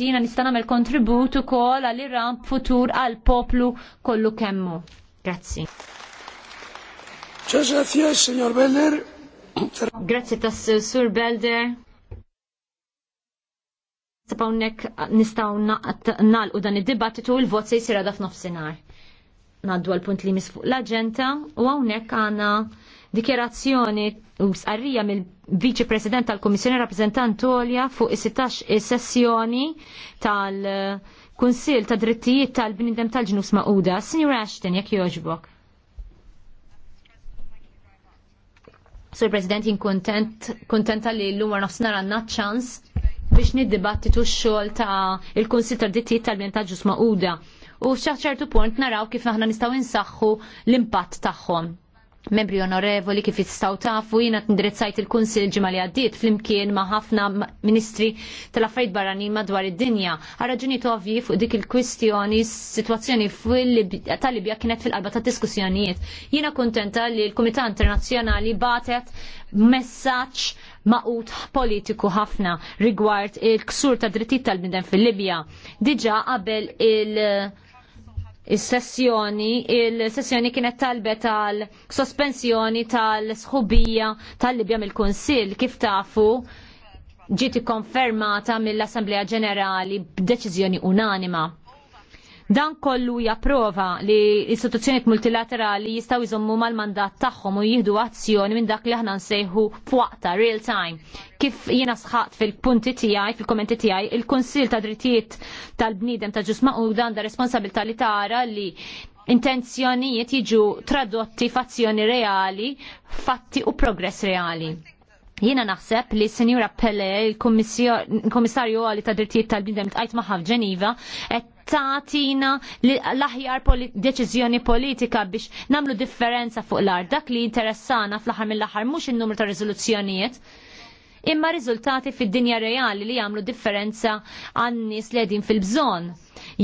Palestina nista' nagħmel kontribut ukoll għal Iran futur għal poplu kollu kemmu. Grazzi. Grazzi tas Sur Belder. Sapawnek nistaw nalqu dan id-dibattitu il-vot se jisir għadaf nofsinar. Naddu għal-punt li misfuq l-agenda u għawnek għana dikjerazzjoni u sqarrija mill-Viċi President tal-Kummissjoni Rappresentant Olja fuq is-16 sessjoni tal kunsill ta' Drittijiet tal-Bnidem tal-Ġnus Maquda. Signor Ashton, jekk jogħġbok. Sur President, jien kontenta li l-lum għar nofsnar ċans biex niddibattitu x-xol ta' il-Kunsil ta' Drittijiet tal-Bnidem tal-Ġnus Maquda. u f'ċertu punt naraw kif aħna nistgħu insaħħu l-impatt tagħhom. Membri onorevoli kif jistgħu tafu jiena tindirizzajt il ġimgħa ġimali għaddiet flimkien ma' ħafna ministri tal-affarijiet barranin madwar id-dinja. Għarraġuniet ovvji fuq dik il-kwistjoni situazzjoni tal-Libja kienet fil-qalba ta' diskussjonijiet. Jiena kuntenta li l kumità Internazzjonali batet messaġġ maqut politiku ħafna rigward il-ksur ta' drittijiet tal-bnidem fil-Libja. Diġa qabel il- il-sessjoni, il-sessjoni kienet talbet tal sospensjoni tal-sħubija tal-Libja mill-Kunsil, kif tafu ġiet konfermata mill-Assemblea Ġenerali b'deċiżjoni unanima. Dan kollu japprova li istituzzjoniet multilaterali jistaw jżommu mal-mandat tagħhom u jieħdu azzjoni minn dak li aħna nsejħu f'waqta real time. Kif jiena sħaqt fil-punti tiegħi, fil-kommenti tiegħi, il kunsill ta' Drittijiet tal-Bniedem ta' Ġusma u dan da' responsabilità li tara li intenzjonijiet jiġu tradotti f'azzjoni reali, fatti u progress reali. Jiena naħseb li Senjura Pelle, il Kummissarju għali ta' Drittijiet tal-Bnidem tqajt magħha Ġeniva, qed tatina l-aħjar deċizjoni deċiżjoni politika biex namlu differenza fuq l ar Dak li interessana fl-aħħar mill-aħħar mhux in-numru ta' riżoluzzjonijiet, imma riżultati fid-dinja reali li jagħmlu differenza għan-nies li għedin fil-bżonn.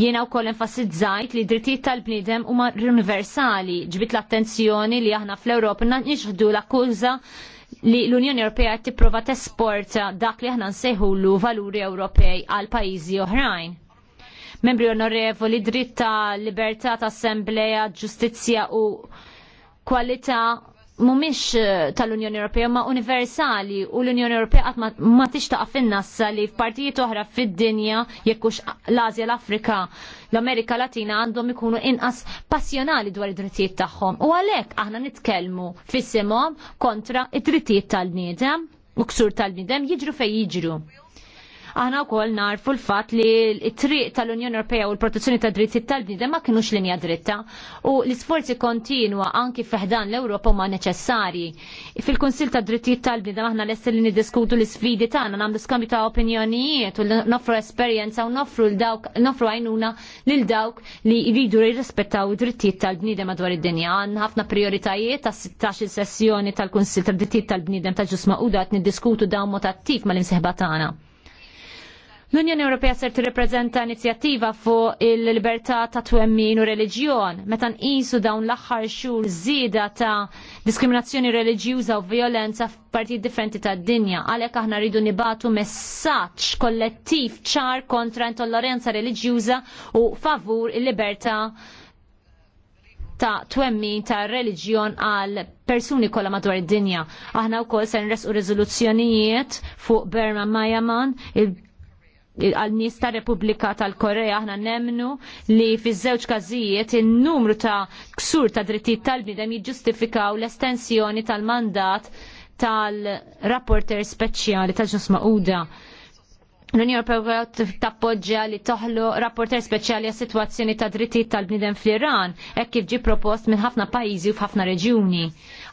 Jiena wkoll enfasizzajt li drittijiet tal-bniedem huma universali, ġbit l-attenzjoni li aħna fl-Ewropa nixħdu l-akkuża li l-Unjoni Ewropea tipprova tesporta dak li aħna nsejħulu valuri Ewropej għal pajjiżi oħrajn membri onorevoli, dritta, libertà ta' assembleja, ġustizzja u kwalità mumiex eh, tal-Unjoni Ewropea ma' universali u l-Unjoni Ewropea qatt ma tixtaq finnassa li f'partijiet oħra fid-dinja jekkux l-Asja l-Afrika l-Amerika Latina għandhom ikunu inqas passjonali dwar id-drittijiet tagħhom. U għalhekk aħna nitkellmu fis-simhom kontra id-drittijiet tal-bniedem u ksur tal-bniedem jiġru fejn jiġru. Aħna wkoll narfu l-fatt li t-triq tal-Unjoni Ewropea u l-protezzjoni ta' drittijiet tal-bniedem ma kinux linja dritta u l-isforzi kontinwa anki fiħdan l-Ewropa ma neċessarji. Fil-Kunsil ta' Drittijiet tal-Bniedem aħna lesti li niddiskutu l-sfidi tagħna nagħmlu skambju ta' opinjonijiet u nofru esperjenza u nofru l-dawk nofru għajnuna lil dawk li jridu jirrispettaw id-drittijiet tal-bniedem madwar id-dinja. Għandna ħafna prioritajiet ta' 16 sessjoni tal-Kunsil ta' Drittijiet tal-Bniedem ta' ġusma u dat niddiskutu dawn mod attiv mal-imsieħba tagħna. L-Unjoni Ewropea ser tirrepreżenta inizjattiva fuq il-libertà ta' twemmin u reliġjon meta nqisu dawn l-aħħar xhur żieda ta' diskriminazzjoni reliġjuża u violenza f'partijiet differenti tad-dinja. Għalhekk aħna rridu nibatu messaġġ kollettiv ċar kontra intolleranza reliġjuża u favur il-libertà ta' twemmin ta' reliġjon għal persuni kollha madwar id-dinja. Aħna wkoll se nresqu riżoluzzjonijiet fuq Burma Mayaman, il għal-nies ta' Repubblika tal-Korea aħna nemnu li fiż-żewġ każijiet in-numru ta' ksur ta' drittijiet tal-bniedem jiġġustifikaw l-estensjoni tal-mandat tal-rapporter speċjali ta' ġus Mauda. L-Unjoni Ewropea tappoġġja li toħlu rapporter speċjali għas sitwazzjoni ta' drittijiet tal bnidem fl-Iran, hekk kif ġie propost minn ħafna pajjiżi u f'ħafna reġjuni.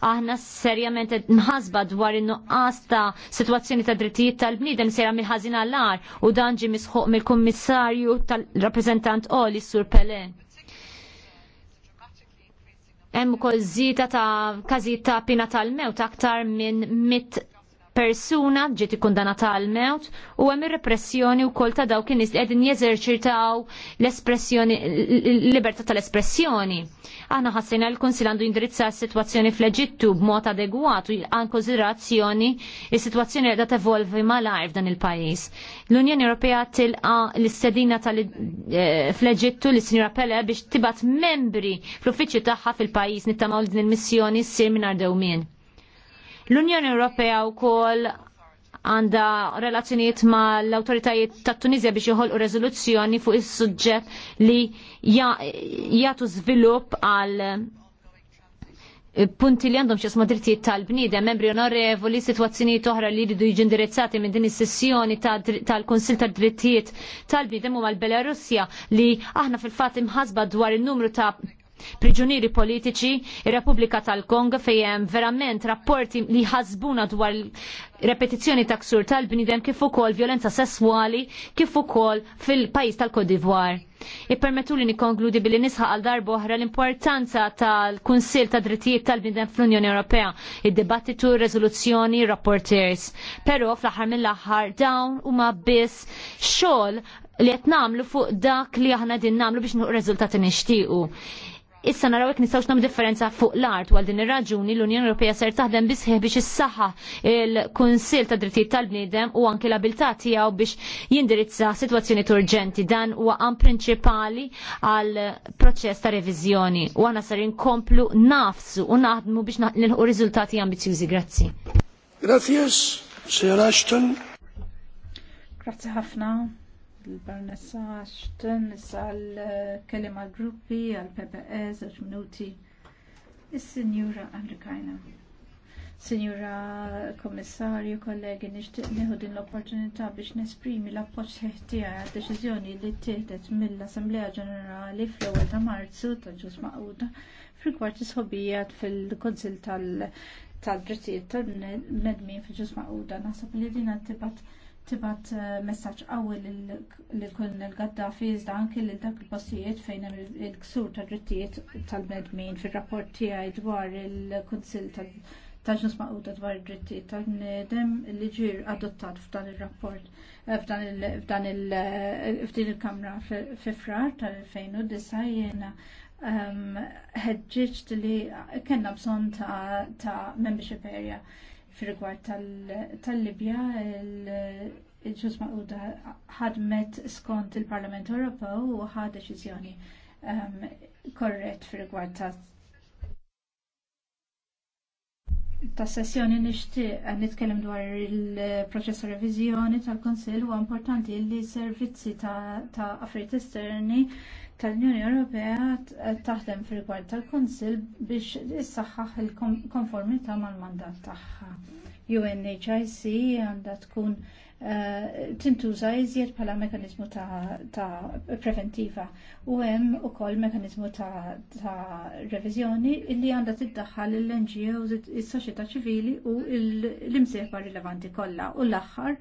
Aħna serjament nħasba dwar in-nuqqas ta' sitwazzjoni ta' drittijiet tal-bniedem sejra mill-ħażin għall-ar u dan ġie misħuq mill-kummissarju tal-rappreżentant Oli Sur Pele. Hemm ukoll zita ta' każijiet ta' pina tal-mewt aktar minn mit persuna ġiet ikkundanata għal mewt u hemm ir-repressjoni wkoll ta' dawk in-nies qegħdin jeżerċitaw l-espressjoni l-libertà tal-espressjoni. Aħna ħassejna l-Kunsil għandu indirizza s-sitwazzjoni fl-Eġittu b'mod adegwat u għan konsiderazzjoni is-sitwazzjoni qiegħda tevolvi malajr f'dan il-pajjiż. L-Unjoni Ewropea tilqa l-istedina eh, fl-Eġittu li sinjura Pele biex tibat membri fl-uffiċċju tagħha fil-pajjiż nittamaw din il-missjoni ssir mingħajr dewmien. L-Unjoni Ewropea wkoll għanda relazzjoniet ma l-autoritajiet ta' Tunizja biex joħolqu rezoluzzjoni fuq is-suġġett li jagħtu żvilupp għal punti li għandhom xesma drittijiet tal-bniedem, membri onorevoli, situazzjoni toħra li jridu jiġi indirizzati minn din is-sessjoni tal-Konsil tal tad-Drittijiet tal-Bniedem u mal-Belarusja li aħna fil-fatt imħasba dwar il-numru ta' priġunieri politiċi, ir-Repubblika tal kong fejjem verament rapporti li ħazbuna dwar repetizzjoni ta' ksur tal-bnidem kif ukoll violenza sesswali kif ukoll fil-pajjiż tal-Kodivwar. Ippermettu li nikkonkludi billi nisħaq għal darba oħra l-importanza tal-Kunsil ta' Drittijiet tal-Bnidem fl-Unjoni Ewropea, id-dibattitu, r-rezoluzzjoni, rapporters. Però fl-aħħar mill-aħħar dawn huma biss xogħol li qed nagħmlu fuq dak li aħna din nagħmlu biex nuq riżultati nixtiequ issa naraw jekk nistgħux nagħmlu differenza fuq l-art għal din ir-raġuni l-Unjoni Ewropea ser taħdem bisħieħ biex issaħħa il-Kunsill ta' Drittijiet tal-Bniedem u anke l-abilità tiegħu biex jindirizza sitwazzjoni urġenti dan huwa qam prinċipali għal proċess ta' reviżjoni u aħna sar inkomplu nafsu u naħdmu biex nilħu riżultati ambizjużi. Grazzi. Grazie, Sir Ashton. Grazie ħafna l-Barnessa Ashton l eh, kelima gruppi għal PPE żewġ minuti is-Sinjura Andrikajna. Sinjura Kommissarju, kollegi, nixtieq neħu din l-opportunità biex nesprimi l-appoġġ ħeħtija għad deċiżjoni li ttieħdet mill-Assemblea Ġenerali fl-ewwel ta' Marzu ta' ġus maquda fil-kwart isħobijat fil-Kunsil tal-Drittijiet tal-Medmin fil-ġus maquda. li din tibat eh, messaġġ qawwi li kun il-Gaddafi iżda anki lil dak il-postijiet fejn hemm il-ksur ta' drittijiet tal-bnedmin fir-rapport tiegħi dwar il-Kunsill tal-ġnus maquda dwar id-drittijiet tal-bnedem li ġir adottat f'dan ir-rapport eh, f'dan il eh, kamra fi frar tal-2009 jiena ehm, ħeġġiġt li kellna bżonn ta' membership area fil rigward tal-Libja, il-ġus maquda ħadmet skont il-Parlament Ewropew u ħad deċiżjoni ehm, korrett fir-rigward ta' sessjoni nixtieq eh, nitkellem dwar il-proċess revizjoni tal-Konsil huwa importanti li s servizzi ta', ta affarijiet esterni tal-Unjoni Ewropea taħdem fil rigward tal kunsill biex issaħħaħ il-konformità mal-mandat tagħha. UNHIC għandha tkun eh, tintuża iżjed bħala mekanizmu ta', preventiva u hemm ukoll mekanizmu ta', ta reviżjoni li għandha tiddaħħal il ngos is-soċjetà ċivili u l-imsieħba rilevanti kollha u l-aħħar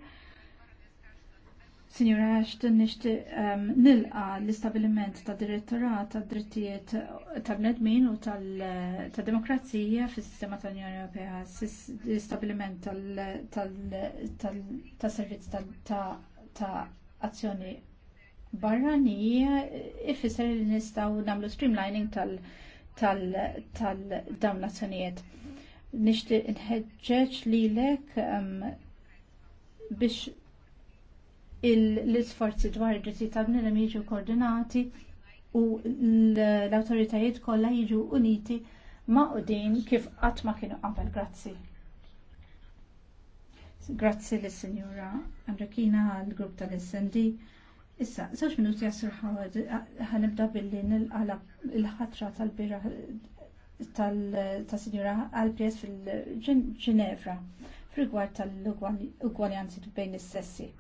Signora Ashton, nishti um, nilqa l-istabiliment ta' direttorat ta' drittijiet ta' bnedmin u ta' demokrazija fis sistema tal-Unjoni Ewropea, l-istabiliment ta' servizz ta' azzjoni barranija ifisser li nistaw namlu streamlining tal-dawn l-azzjonijiet. Nishti nħedġeċ li lek um, biex l-isforzi dwar id-drittijiet tal-bniedem jiġu koordinati u l-awtoritajiet kollha jiġu uniti ma' kif qatt ma kienu qabel. Grazzi. Grazzi lis sinjura Amrikina għall-grupp tal-SND. Issa, żewġ minuti jasir ħawad, ħanibda billi nilqala il-ħatra tal-bira tal-Sinjura Alpies fil-Ġenevra fil-gwar tal-ugwaljanzi bejn is-sessi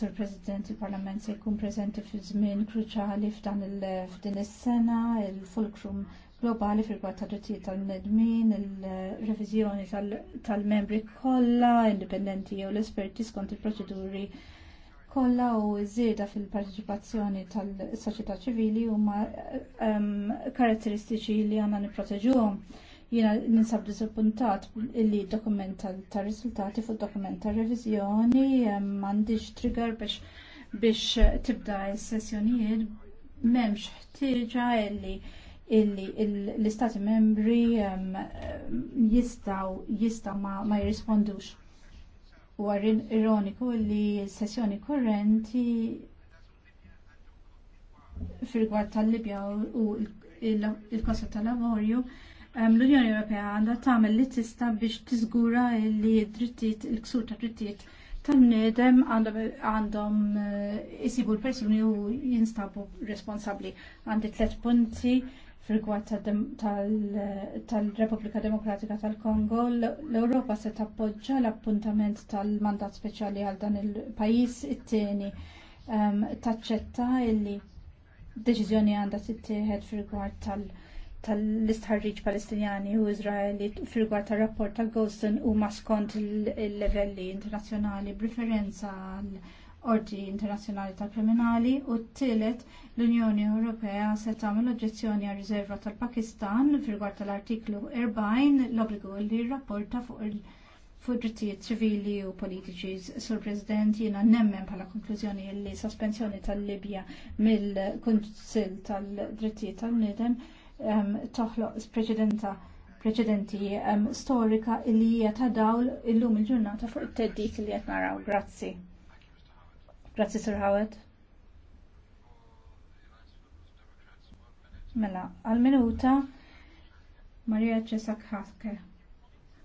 Sur President, il-Parlament se jkun preżenti fi żmien kruċali f'dan il-fdin is-sena, il-fulcrum globali fil-gwad ta' drittijiet tal-nedmin, il-reviżjoni tal-membri kollha, indipendenti jew l-esperti skont il-proċeduri kollha u żieda fil-parteċipazzjoni tal-soċjetà ċivili huma ehm, karatteristiċi li għandna nipproteġuhom Jiena ninsab disappuntat illi dokumenta ta' riżultati fuq dokument ta' reviżjoni m'għandhiex trigger biex biex tibda s-sessjonijiet m'hemmx ħtieġa illi illi l-istati membri jistaw jistaw ma, jirrispondux. U għarrin ironiku li sessjoni kurrenti fil-gwad tal-Libja u il-Kosta tal-Lavorju l-Unjoni Ewropea għandha tagħmel li tista' biex tiżgura li drittijiet il-ksur ta' drittijiet tal-bniedem għandhom eh, isibu l-persuni u jinstabu responsabbli. Għandi tliet punti fil-gwad tal-Repubblika Demokratika tal-Kongo, l-Europa se tappoġġa l-appuntament tal-mandat speċjali għal dan il-pajis it-tieni taċċetta illi deċiżjoni għandha tittieħed fil-gwad tal-Kongo tal-istħarriġ palestinjani u Izraeli fil-gwar rapport ta' Goldstein u maskont il-levelli internazjonali b'riferenza għall ordi Internazjonali tal-Kriminali u t-tielet l-Unjoni Ewropea se tagħmel oġġezzjoni għal riserva tal-Pakistan fil-gwar tal-artiklu 40 l-obbligu li rrapporta fuq il- fuq drittijiet ċivili u politiċi. Sur President, jiena nemmen bħala konklużjoni li sospensjoni tal-Libja mill-Kunsill tal-Drittijiet tal-Nidem tal libja mill kunsill tal drittijiet tal nidem tal toħloq preċedenta preċedenti storika li hija ta' dawl illum il-ġurnata fuq it teddik li qed naraw. Grazzi. Grazzi Sir Howard. Mela, għal-minuta Maria Cesak Hafke,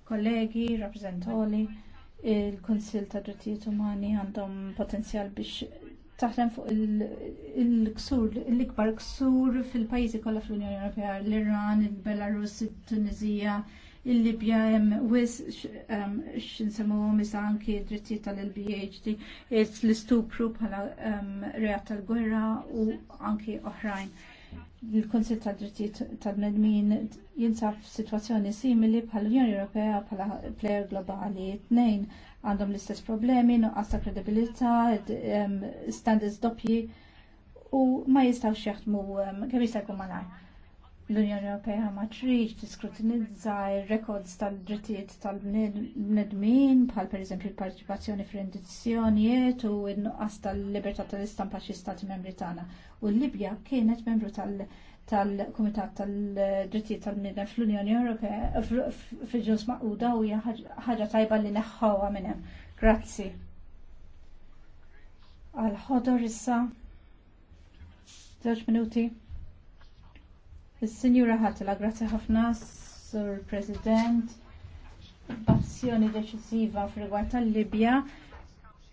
kollegi, rappresentoli, il-Konsil ta' Drittijiet Umani għandhom potenzjal biex taħdem fuq il-ksur, l-ikbar ksur fil-pajjiżi kollha fl-Unjoni Ewropea, l-Iran, il-Belarus, il-Tunizija, il-Libja hemm wis x'insemmuhom iżda anki drittijiet tal-LBHD, l-istupru bħala reat tal-gwerra u anki oħrajn. Il-Konsil tad drittijiet tal-Medmin jinsab f'sitwazzjoni simili bħall-Unjoni Ewropea bħala plejer globali. Tnejn għandhom l-istess problemi, nuqqas ta' kredibilità, standards doppji u ma jistawx jaħdmu kemm jista' jkun malajr. L-Unjoni Ewropea ma trix tiskrutinizza r-rekords tal-drittijiet tal-bnedmin bħal pereżempju l-partiċipazzjoni f'rendizzjonijiet u n-nuqqas tal-libertà tal-istampa xi stati membri tagħna. U l-Libja kienet membru tal- tal-Kumitat tal-Drittijiet tal-Midden fl-Unjoni Ewropea fil-ġus maquda u hija ħaġa tajba li neħħawha minn hemm. Grazzi. Għal ħodor issa. Żewġ minuti. Is-Sinjura Ħatila, grazzi ħafna, Sur President. Azzjoni deċiżiva f'rigward tal-Libja,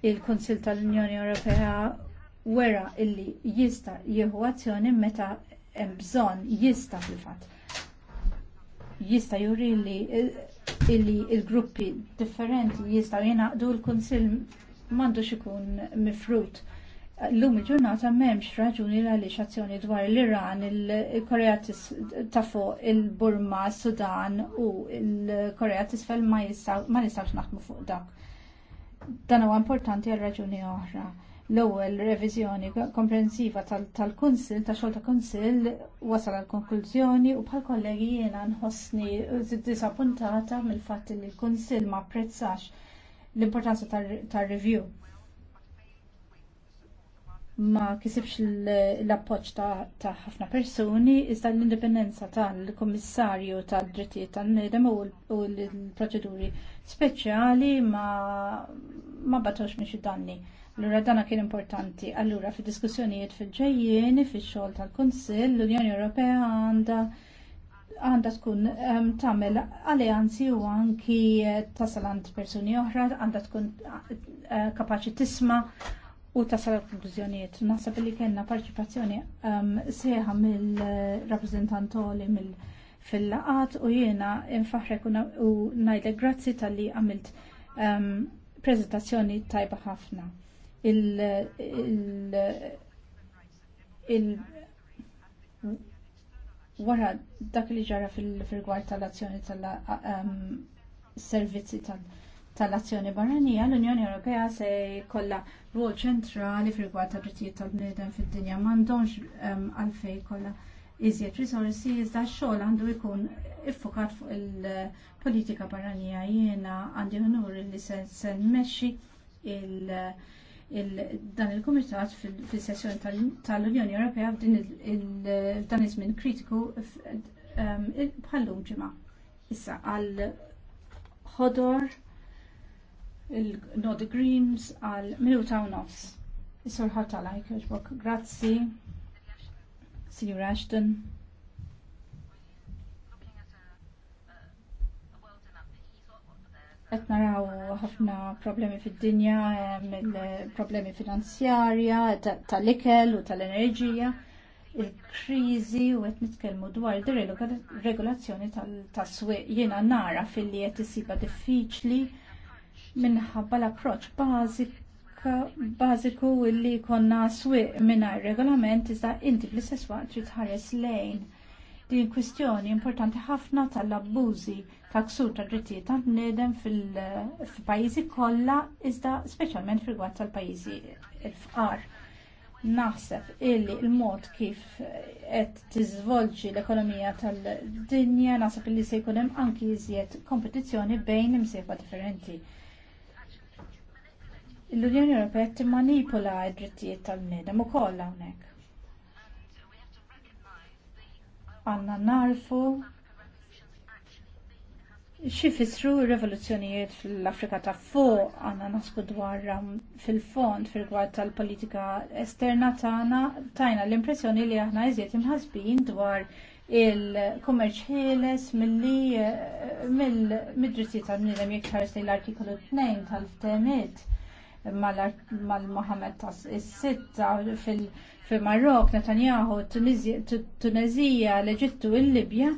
il kunsill tal-Unjoni Ewropea wera illi jista' jieħu azzjoni meta bżonn jista fil-fatt jista juri li eh, il-gruppi differenti jistgħu jingħaqdu l-kunsill m'għandux ikun mifrut. Llum il-ġurnata m'hemmx raġuni għaliex azzjoni dwar l-Iran, il-Korea ta' fuq, il-Burma, Sudan u il-Korea t'isfel ma nistgħux naħdmu fuq dak. Dan huwa importanti għal raġuni oħra l-ewwel reviżjoni komprensiva tal-Kunsill ta' xogħol ta' Kunsill wasal għal konklużjoni u bħal kollegi jiena nħossni disappuntata mill-fatt li l-Kunsill ma apprezzax l-importanza tar-review. Ma kisibx l-appoġġ ta' ħafna persuni iżda l-indipendenza tal-Kummissarju tad-Drittijiet tan nedem u l-proċeduri speċjali ma batux miex danni Allura dana kien importanti. Allura fi diskussjonijiet fil-ġejjien, fi xogħol tal-Kunsill, l-Unjoni Ewropea għandha għandha tkun um, ehm, tagħmel alleanzi u anki eh, tasal għand persuni oħra, għandha tkun eh, kapaċi tisma' u tasal konklużjonijiet. Naħseb li kellna parċipazzjoni um, ehm, seħa mill-rappreżentantoli mill fil-laqat u jiena infaħrek u ngħidlek grazzi tal-li għamilt um, prezentazzjoni tajba ħafna il- wara dak li ġara fil tal-azzjoni tal-servizzi um, tal-azzjoni tal-servizzi tal-azzjoni barranija, l-Unjoni Ewropea se kolla ruol ċentrali fil gwar tad drittijiet tal bnedem fid-dinja m'għandhomx um, għalfej kollha iżjed risorsi iżda x-xogħol għandu jkun iffokat fuq il-politika barranija jiena għandi unur li se nmexxi il- dan il-Kumitat fil-sessjoni tal-Unjoni Ewropea f'dan iż-żmien kritiku ehm, bħallum ġimgħa. Issa għal ħodor il-Nod Greens għal minuta u nofs. Is-sur ħatala jkirġbok. Grazzi. Signor Ashton. qed naraw ħafna problemi fid-dinja, mill problemi finanzjarja, tal-ikel u tal-enerġija, il-kriżi u qed nitkellmu dwar regolazzjoni tas-swieq jiena nara fil-li qed isiba diffiċli minħabba l-approċ bażiku li konna swieq mingħajr regolament iżda inti bl-istess waqt trid tħares lejn. Din kwistjoni importanti ħafna tal-abbużi ta' ksur ta' drittijiet ta' bniedem fil-pajjiżi kollha iżda speċjalment fil-gwatt tal-pajjiżi l-fqar. Naħseb illi l-mod kif qed tiżvolġi l-ekonomija tal-dinja naħseb illi se jkun hemm anki iżjed kompetizzjoni bejn imsieħba differenti. L-Unjoni Ewropea timmanipula d-drittijiet tal-bniedem ukoll hawnhekk. Għandna narfu xifisru rivoluzzjonijiet fl-Afrika ta' fuq għanna nasbu dwar um, fil-fond fil-gwad tal-politika esterna tagħna tajna l-impressjoni li aħna iżjed imħasbin dwar il-kummerċ ħieles milli eh, mill-midritti tal-nidem jekxares li l-artikolu 2 tal-ftemit mal-Mohammed tas is-sitta fil-Marok, Netanyahu, Tunezija, l-Eġittu, il-Libja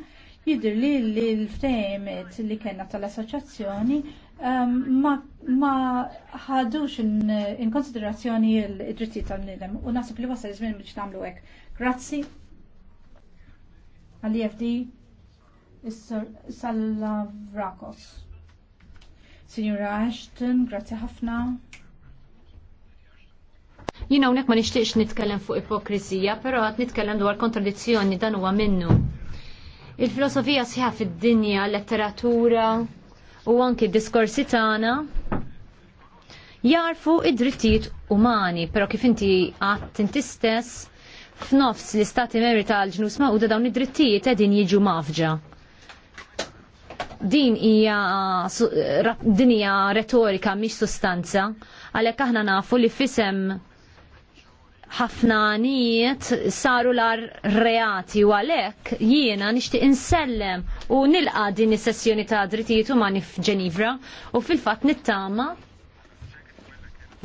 Jidir li l-ftejmet li kena tal-assoċazzjoni um, ma ħadux in konsiderazzjoni l-drittijiet tal-nidem u nasib li wasal żmien biex namlu hekk. Grazzi għal-IFD Sallavrakos. Signora Ashton, grazzi ħafna. Jina unek ma nishtiqx nitkellem fuq ipokrizija, pero għat nitkellem dwar kontradizzjoni dan huwa minnu Il-filosofija sħiħa fid-dinja, letteratura u anki diskorsi tagħna jarfu id-drittijiet umani, però kif inti għadt inti stess f'nofs l-istati membri tal-ġnus da dawn id-drittijiet qegħdin jiġu mafġa. Din hija din hija retorika mhix sustanza, għalhekk aħna nafu li fisem ħafna nijiet saru lar reati u għalhekk jiena nixtieq insellem u nilqa din is-sessjoni ta' drittijiet umani f'Ġenivra u fil-fatt nittama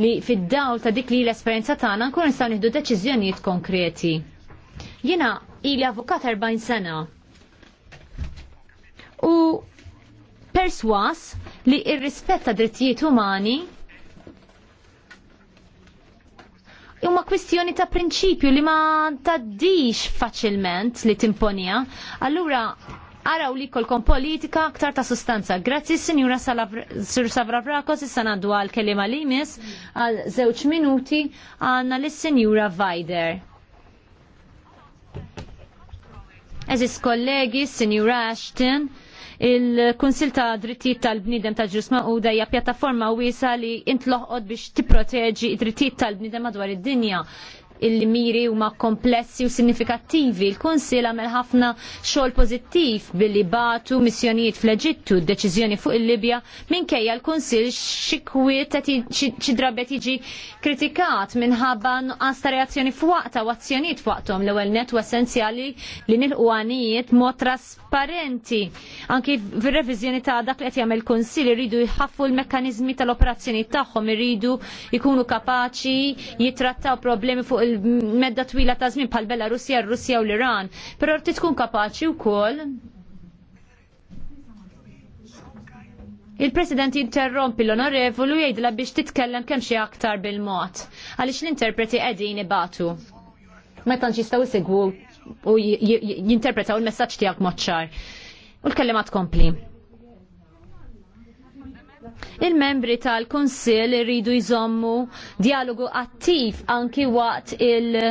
li fid-dawl ta' dik li l-esperjenza tagħna nkun nistgħu nieħdu deċiżjonijiet konkreti. Jiena ili avukat 40 sena. U perswas li ir-rispett ta' drittijiet umani huma kwistjoni ta' prinċipju li ma taddix faċilment li timponija. Allura araw li kolkom politika aktar ta' sustanza. Grazzi Sinjura Sur Savravrakos, issa għandu għal kelima li mis għal zewċ minuti għanna l sinjura Vajder. Eżis kollegi, Sinjura Ashton, Il-Kunsil ta' Drittijiet tal-Bnidem ta' Ġusma u hija pjattaforma wiesa li intloħqod biex tipproteġi id drittijiet tal-bnidem madwar id-dinja il-miri huma komplessi u sinifikattivi. Il-Kunsil għamel ħafna xogħol pożittiv billi batu missjonijiet fl-Eġittu, deċiżjoni fuq il-Libja, minkejja l-Kunsil xi kwiet xi drabet jiġi kritikat minħabba nuqqas ta' reazzjoni f'waqta u azzjonijiet f'waqthom l-ewwel net u essenzjali li nilqu għanijiet mod trasparenti. Anki fir-reviżjoni ta' dak li qed jagħmel kunsil iridu jħaffu l-mekkaniżmi tal-operazzjoni tagħhom iridu jkunu kapaċi jitrattaw problemi fuq medda twila ta' żmien bħal Belarusja, r-Russja u l-Iran, però rrid tkun kapaċi wkoll Il-President jinterrompi l-onorevolu jgħidla biex titkellem kemm xi aktar bil-mod għaliex l-interpreti qegħdin ibatu. Meta nġistgħu isegwu u jinterpretaw il-messaġġ tiegħek mod ċar. U l-kellimat kompli. Il-membri tal-Kunsill irridu jżommu dialogu attiv anki waqt il-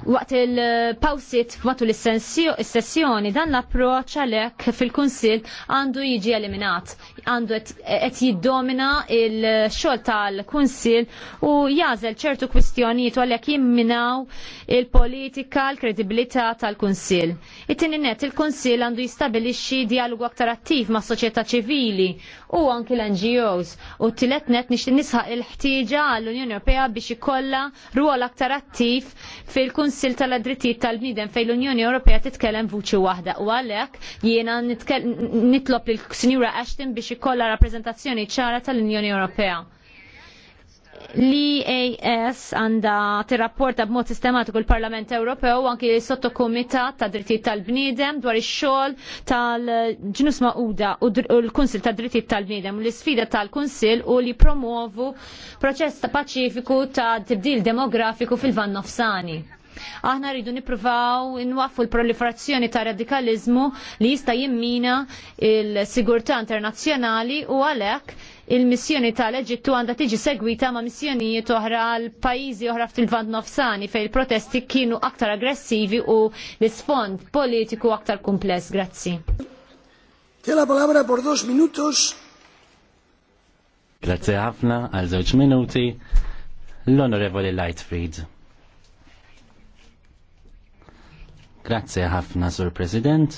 Waqt il-pawsit matul is-sessjoni dan l-approċ għalhekk fil-Kunsill għandu jiġi eliminat, għandu għet jiddomina il-xogħol tal-Kunsill u jażel ċertu kwistjonijiet għalhekk jimminaw il-politika, l-kredibilità tal-Kunsill. It-tieni il-Kunsill għandu jistabilixi dialogu aktar attiv ma' soċjetà ċivili u anki l-NGOs u t-tielet net il-ħtieġa għall-Unjoni Ewropea biex ikollha ruol aktar attiv fil kunsil kunsil tal-drittijiet tal-bniedem fejn l-Unjoni Ewropea titkellem vuċi waħda u għalhekk jiena nitlob lil Sinjura Ashton biex ikollha rappreżentazzjoni ċara tal-Unjoni Ewropea. L-EAS għanda tirrapporta b'mod sistematiku l-Parlament Ewropew anki sottokumitat ta' drittijiet tal-bniedem dwar ix-xogħol tal-ġnus Mauda u l-Kunsil ta' drittijiet tal-bniedem u l-isfida tal-Kunsil u li promuovu proċess ta' paċifiku ta' tibdil demografiku fil-Van Nofsani. Aħna rridu nippruvaw nwaffu l-proliferazzjoni ta' radikalizmu li jista' jimmina il-sigurtà internazzjonali u għalhekk il-missjoni tal-Eġittu għandha tiġi segwita ma' missjonijiet oħra għal pajjiżi oħra fil-vant nofsani fejn il-protesti kienu aktar aggressivi u l-isfond politiku aktar kumpless. Grazzi. Tela palabra por dos minutos. Grazzi ħafna għal żewġ minuti l-Onorevoli Lightfried. Grazie ħafna, Sur President.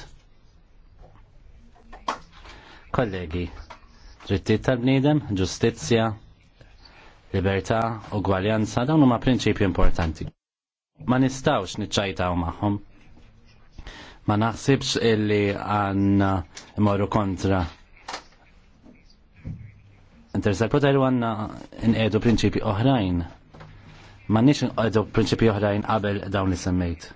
Kollegi, drittijiet tal-bniedem, ġustizzja, libertà, ugwaljanza, dawn huma prinċipji importanti. Ma nistawx niċċajtaw magħhom. Ma naħsibx illi għanna imorru kontra Interess tal-poter għanna n-edu prinċipju oħrajn. Ma nix n-edu prinċipju oħrajn qabel dawn li semmejt.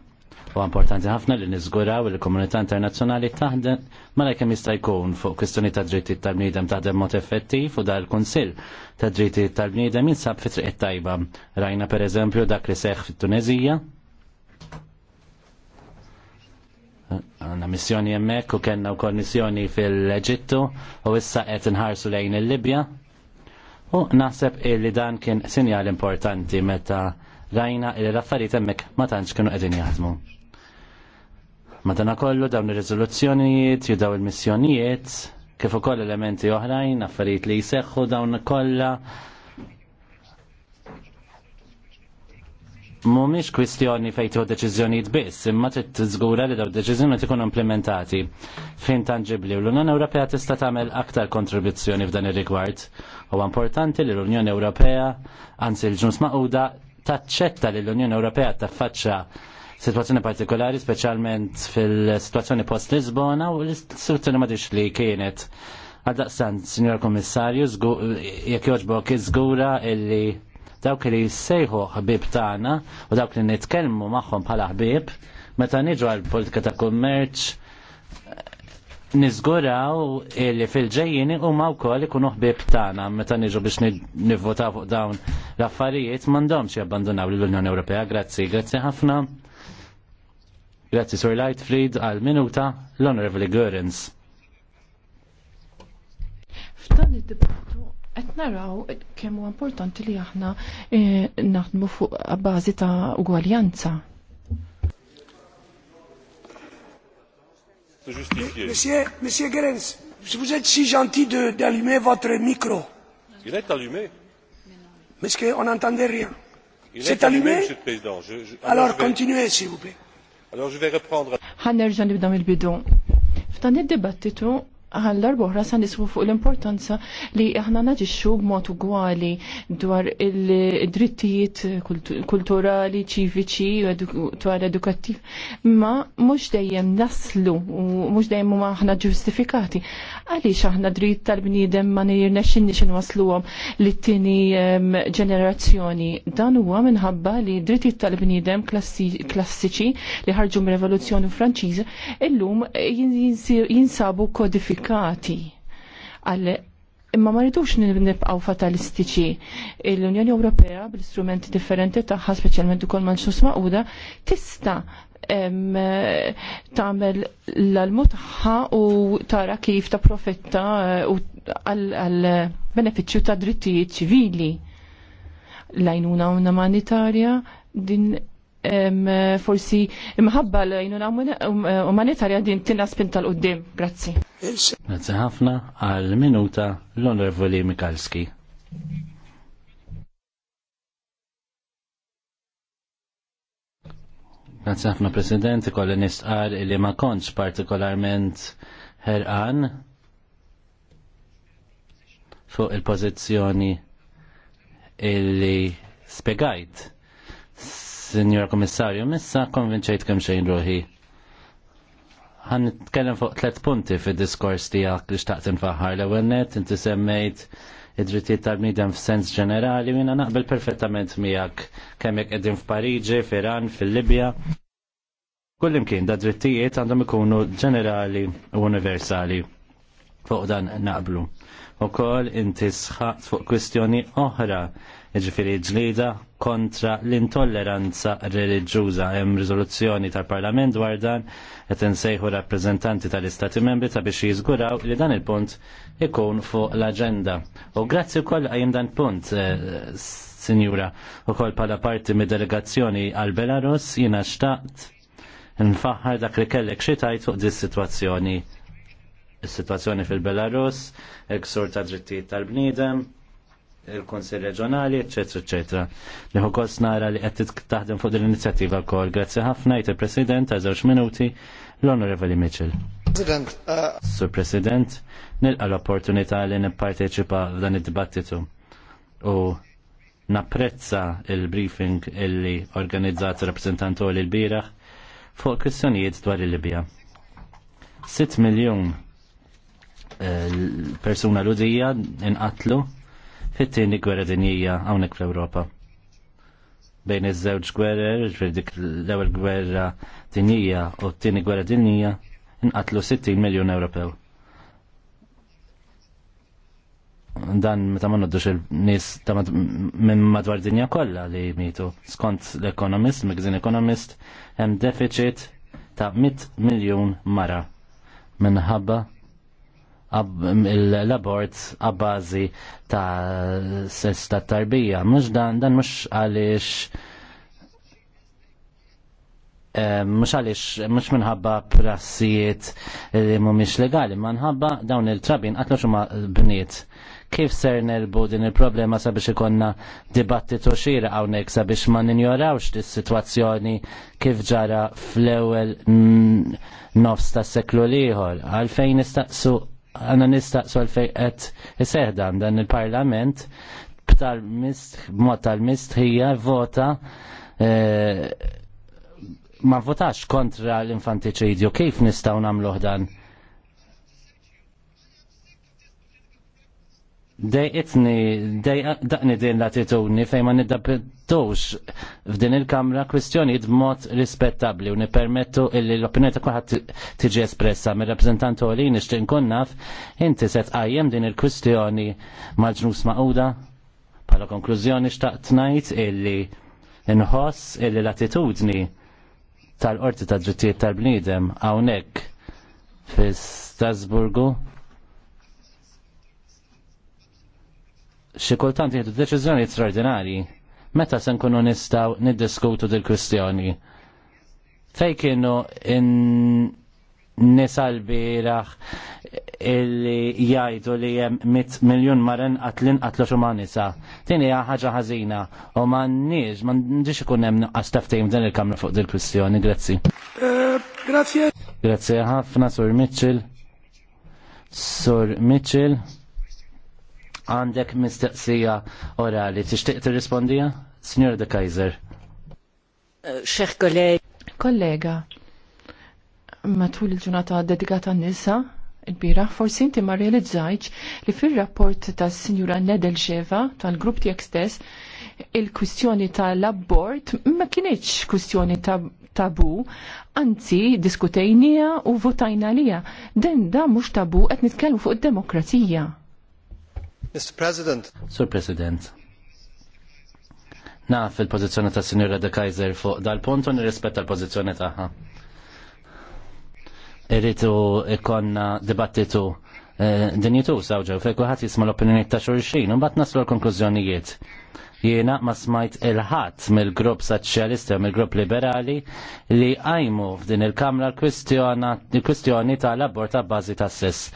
U importanti ħafna li niżguraw li l-komunità internazzjonali taħdem mela kemm jista' jkun fuq kwistjoni ta' dritti tal-bniedem taħdem mod effettiv u dar kunsill ta' dritti tal-bniedem jinsab fi triq tajba. Rajna pereżempju dak li seħħ fit-Tuneżija. Għanna missjoni hemmhekk u kellna wkoll missjoni fil-Eġittu u issa qed inħarsu lejn il-Libja. U naħseb li dan kien sinjal importanti meta rajna il-raffariet hemmhekk ma tantx kienu qegħdin jaħdmu. Madanakollu dawn ir-riżoluzzjonijiet jew dawn il-missjonijiet kif ukoll elementi oħrajn, affarijiet li jseħħu dawn kollha mhumiex kwistjoni fejn tieħu deċiżjonijiet biss, imma trid tiżgura li dawn deċiżjonijiet ikunu implementati fejn tanġibli u l-Unjoni Ewropea tista' tagħmel aktar kontribuzzjoni f'dan ir-rigward. Huwa importanti li l-Unjoni Ewropea, anzi l-ġuns maquda, taċċetta li l-Unjoni Ewropea taffaċċa situazzjoni partikolari, specialment fil-situazzjoni post-Lisbona u l-istituzzjoni madix li kienet. Għaddaqstant, Signor Komissarju, jek joġbok iżgura illi dawk li sejħu ħbib tagħna u dawk li nitkellmu magħhom bħala ħbib, meta niġu għal politika ta' kummerċ, nizguraw illi fil-ġejjini u maw wkoll ikunu ħbib tagħna meta niġu biex nivvotaw fuq dawn l-affarijiet m'għandhomx jabbandunaw lill-Unjoni Ewropea. Grazzi, grazzi ħafna. Grazie, Sir Lightfried għal minuta l-Honorable Gurens. F'dan id-dibattu qed naraw kemm huwa importanti li aħna eh, naħdmu fuq bażi ta' ugwaljanza. Monsieur, Monsieur Gerens, vous êtes si gentil d'allumer votre micro. Il est allumé. Mais ce qu'on n'entendait rien. C'est allumé, allumé Monsieur le Président. Je, je, alors, alors je vais... continuez, s'il vous plaît. Alors je vais reprendre. Ħannerġa' nibda mill-bidu. F'dan id-dibattitu għallar boħra san nisfu fuq l-importanza li aħna naġiċu b'mod ugwali dwar il-drittijiet kulturali, ċiviċi, dwar edukattiv, ma mux dejjem naslu u mux dejjem ma aħna ġustifikati. Għali aħna dritt tal-bnidem ma xin waslu għom li t-tini ġenerazzjoni. Dan huwa minħabba li drittijiet tal-bnidem klassiċi li ħarġu mir-revoluzzjoni franċiża illum jinsabu kodifikati komplikati għal imma ma rridux nibqgħu fatalistiċi. L-Unjoni Ewropea bl-istrumenti differenti tagħha speċjalment ukoll ma nxus maquda tista' tagħmel l-almu tagħha u tara kif ta' profitta eh, għal benefiċċju ta' drittijiet ċivili. Lajnuna umanitarja din forsi imħabba l-għajnuna um, eh, umanitarja din tina spinta tal-qoddim. Grazzi. Grazzi ħafna għal-minuta l-Onorevoli Mikalski. Grazzi ħafna President, kolli nistqar li ma konċ partikolarment herqan fuq il-pozizjoni illi spiegajt Signor Kommissarju, missa konvinċejt kemm xejn ruħi. Għan nitkellem fuq tlet punti fid diskors tiegħek li xtaqt faħar l ewwel nett, inti semmejt id-drittijiet tal f f'sens ġenerali, minna naqbel perfettament miegħek kemm jekk qegħdin f'Pariġi, f'Iran, fil-Libja. Kullimkien da drittijiet għandhom ikunu ġenerali u universali fuq dan naqblu. U kol inti sħat fuq kwistjoni oħra, ġifiri ġlida kontra l-intolleranza reliġjuża hemm riżoluzzjoni tal-Parlament dwar dan qed insejħu rappreżentanti tal-Istati Membri ta' biex jiżguraw li dan il-punt ikun fuq l-aġenda. U grazzi wkoll għajjem dan punt, eh, Sinjura, wkoll bħala parti mid-delegazzjoni għal Belarus jiena xtaqt nfaħħar dak li kellek xi tajt fuq dis sitwazzjoni is-sitwazzjoni fil-Belarus, il-ksur ta' drittijiet tal-bniedem, il-Konsil Reġjonali, eccetera, eccetera. Liħu kost nara li qed taħdem fuq din l-inizjattiva wkoll. Grazzi ħafna jt il-President ta' żewġ minuti l-Onorevoli Mitchell. President, uh, Sur President, nilqa l-opportunità li nipparteċipa f'dan id-dibattitu u napprezza il-briefing illi organizzat rappresentantu l-biraħ fuq kwistjonijiet dwar il-Libja. 6 miljon eh, persuna l-udija inqatlu fit-tieni gwerra dinjija hawnhekk fl-Ewropa. Bejn iż-żewġ gwerer, ġifier dik l-ewwel gwerra dinjija u t-tieni gwerra dinjija, inqatlu 60 miljun Ewropew. Dan meta ma noddux il-nies ta' minn madwar dinja kollha li jmitu. Skont l-Economist, magazin Economist, hemm deficit ta' 100 miljun mara minħabba l-abort għabbażi ta' sess ta' tarbija. Mux dan, dan mux għalix eh, mux għalix, mux minħabba prassijiet li mumiex legali, ma nħabba dawn il-trabin għatlu xumma bniet. Kif ser nelbu din il-problema sabiex ikonna dibattitu xira għawnek sabiex ma ninjorawx dis situazzjoni kif ġara fl-ewel mm, nofs ta' seklu liħor, għalfejn istaqsu għanna nistaqsu għalfej għed iseħdan dan il-parlament b'tal-mist, b'mod tal-mist hija vota e, ma votax kontra l-infantiċidju. Kif nistaw namluħdan? dan? dej daqni din l-attitudni fej ma niddabittux f'din il-kamra kwistjonijiet b'mod rispettabli u nipermettu illi l-opinjoni ta' kwaħat tiġi espressa mir rappresentant li nixtieq nkun naf inti se tqajjem din il-kwistjoni mal-ġnus pala bħala konklużjoni xtaqt ngħid illi nħoss illi l-attitudni tal-qorti tad drittijiet tal-bniedem hawnhekk fi Strasburgu xi kultant jieħdu deċiżjoni straordinarji meta se nkunu nistgħu niddiskutu dil kwistjoni Fej kienu nisal biraħ illi jgħidu li jem 100 miljon maren għatlin għatlu xumma nisa. Tini ħaġa ħazina u ma nix, ma nġiġ ikun hemm nuqqas din dan il-kamra fuq dil kwistjoni grazzi. Eh, grazzi. Grazzi ħafna, Sur Mitchell. Sur Mitchell għandek mistaqsija orali. Tixtieq tirrispondija? Signor De Kaiser. Xeħ eh, kollega. Kollega, matul il ġunata dedikata nisa, il-bira, forsi inti ma realizzajċ li fil-rapport ta' signora Nedelxeva tal-grupp tijek stess, il-kwistjoni tal abort ma kienieċ kwistjoni ta' tabu, anzi diskutejnija u votajna lija. Den da mux tabu qed nitkellmu fuq id-demokrazija. Mr. President. Sur President. Naf il-pozizjoni ta' Sinjura De Kaiser fuq dal-punt u nirrispetta l-pozizjoni tagħha. Irritu ikonna dibattitu eh, dinjitu sawġa u fejn kulħadd jisma l-opinjoni ta' xulxin u mbagħad naslu l-konklużjonijiet jiena ma smajt il-ħat mill-grupp soċjalisti u mill-grupp liberali li għajmu f'din il-Kamra l-kwistjoni tal-abort ta' bazi ta' sess